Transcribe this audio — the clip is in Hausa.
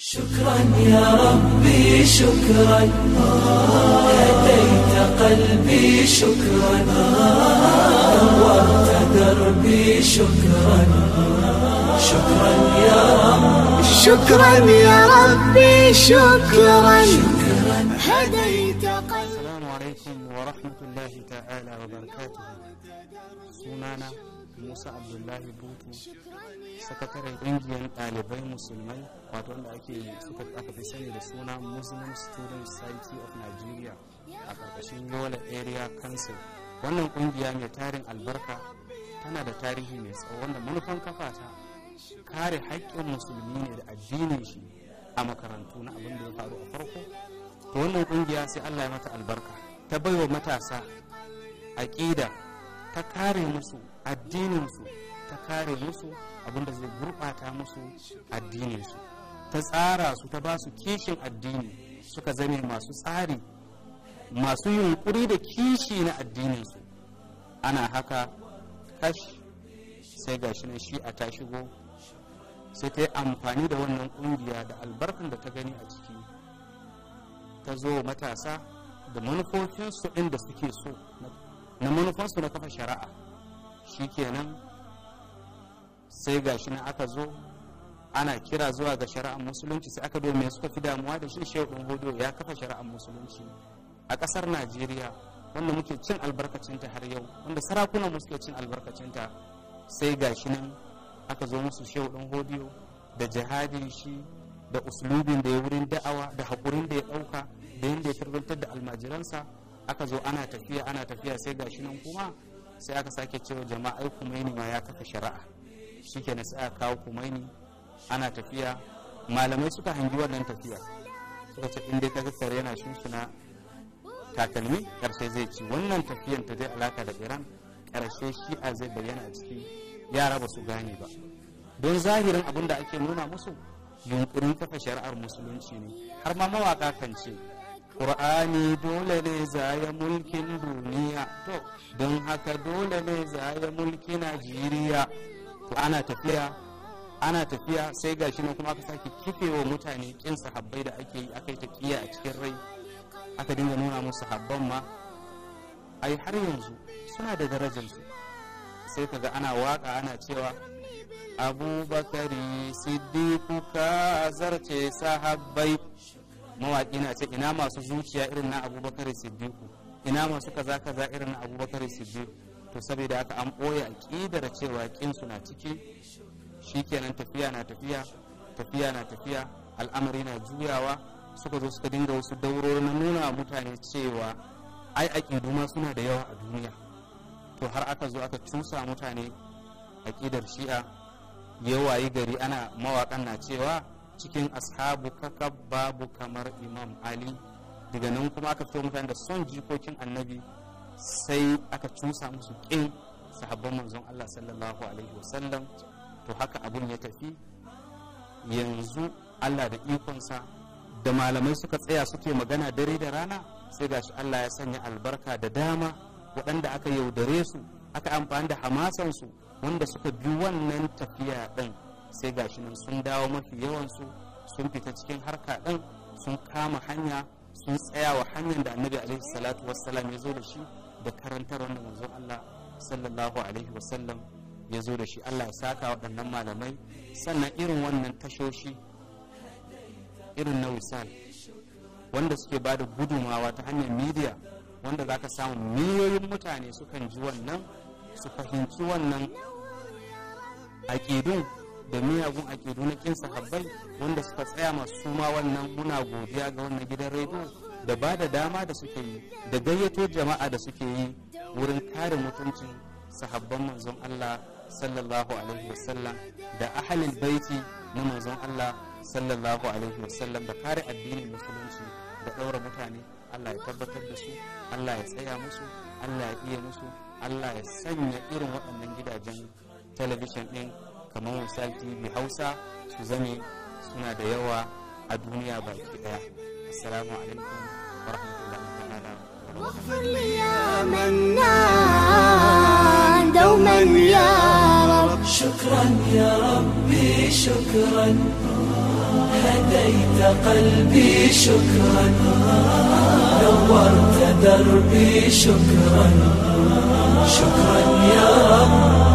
شكرا يا ربي شكرا هديت قلبي شكرا نورت دربي شكرا شكرا يا ربي شكرا يا ربي شكرا هديت alaikum wa rahmatullahi ta'ala wa barakatuhu sunana musa abdullahi butu sakataren ƙungiyar ɗalibai musulmai wato wanda ake suka aka fi sani da suna muslim student society of nigeria a ƙarƙashin yola area council wannan ƙungiya mai tarin albarka tana da tarihi mai tsawo wanda manufan kafata kare haƙƙin musulmi ne da addinin shi a makarantu na abin da ya faru a farko to wannan ƙungiya sai allah ya mata albarka ta baiwa matasa aƙida ta kare musu addininsu ta kare musu abinda zai gurɓata musu addininsu ta tsara su ta ba su kishin addini suka zame masu tsari masu yunƙuri da kishi na addininsu ana haka kash sai ga shi shi a ta shigo sai ta yi amfani da wannan ƙungiya da albarkan da ta gani a ciki ta zo matasa da manufofinsu inda da suke so na manufansu na kafa shari'a shikenan sai gashi na aka zo ana kira zuwa ga shari'ar musulunci sai aka domin suka fi damuwa da shi shehun hudu ya kafa shari'ar musulunci a ƙasar najeriya wanda muke cin albarkacinta har yau wanda sarakunan mu suke cin albarkacinta sai gashi nan aka zo musu shehun hudu da jihadin shi da usulubin da ya wurin da'awa da haƙurin da ya almajiransa aka zo ana tafiya ana tafiya sai gashi nan kuma sai aka sake cewa jama'a kumaini ma ya kafa shari'a shikenan sai aka kawo kumaini ana tafiya malamai suka hangi wannan tafiya suka ce inda ta yana shunshuna takalmi karshe zai ci wannan tafiyan ta zai alaka da iran karshe shi'a zai bayyana a ciki yara ba su gane ba don zahirin abin da ake nuna musu yunkurin kafa shari'ar musulunci ne har ma mawaka kan ce ƙur'ani dole ne zaya mulkin duniya to don haka dole ne zaya mulki najeriya to ana tafiya ana tafiya sai ga shi kuma aka sake kifewa mutane kin sahabbai da ake yi aka yi a cikin rai aka dinga nuna musu sahabban ma ai har yanzu suna da darajarsu sai kaga ana waka ana cewa abubakari siddiku ka zarce sahabbai mawaƙi na ce ina masu zuciya irin na abubakar siddiqu ina masu kaza kaza irin na abubakar siddiqu to saboda haka an ɓoye aƙidar cewa ƙinsu na ciki shikenan tafiya na tafiya tafiya na tafiya al'amari na juyawa suka zo suka dinga wasu daurori na nuna mutane cewa ai aƙidu ma suna da yawa a duniya to har aka zo aka cusa mutane aƙidar shi'a yawayi gari ana mawaƙan na cewa cikin ashabu kakab babu kamar imam ali daga nan kuma aka fito mutane da son jikokin annabi sai aka cusa musu kin sahabban manzon allah sallallahu alaihi wasallam to haka abun ya tafi yanzu allah da ikonsa da malamai suka tsaya suke magana dare da rana sai gashi allah ya sanya albarka da dama waɗanda aka yaudare su aka amfani da su wanda suka bi wannan tafiya ɗin sai gashi nan sun dawo mafi yawansu sun fita cikin harka ɗin sun kama hanya sun tsaya wa hanyar da annabi alaihi salatu wassalam ya zo da shi da karantar wannan manzon Allah sallallahu alaihi wasallam ya zo da shi Allah ya saka waɗannan malamai sannan irin wannan tashoshi irin na wisal wanda suke ba da gudumawa ta hanyar media wanda za ka samu miliyoyin mutane sukan ji wannan su fahimci wannan aƙidun da miyagun aƙidu na kin sahabbai wanda suka tsaya masu suma wannan muna godiya ga wannan gidan rediyo da ba da dama da suke yi da gayyato jama'a da suke yi wurin kare mutunci sahabban manzon Allah sallallahu alaihi wasallam da ahalin baiti na manzon Allah sallallahu alaihi wasallam da kare addinin musulunci da ɗaura mutane Allah ya tabbatar da su Allah ya tsaya musu Allah ya iya musu Allah ya sanya irin waɗannan gidajen talabishin ɗin kamar misali tv hausa su zame suna da yawa a duniya baki daya assalamu alaikum wa rahmatullahi wa barakatuh لي يا منان هديت قلبي شكرا نورت دربي شكرا شكرا يا رب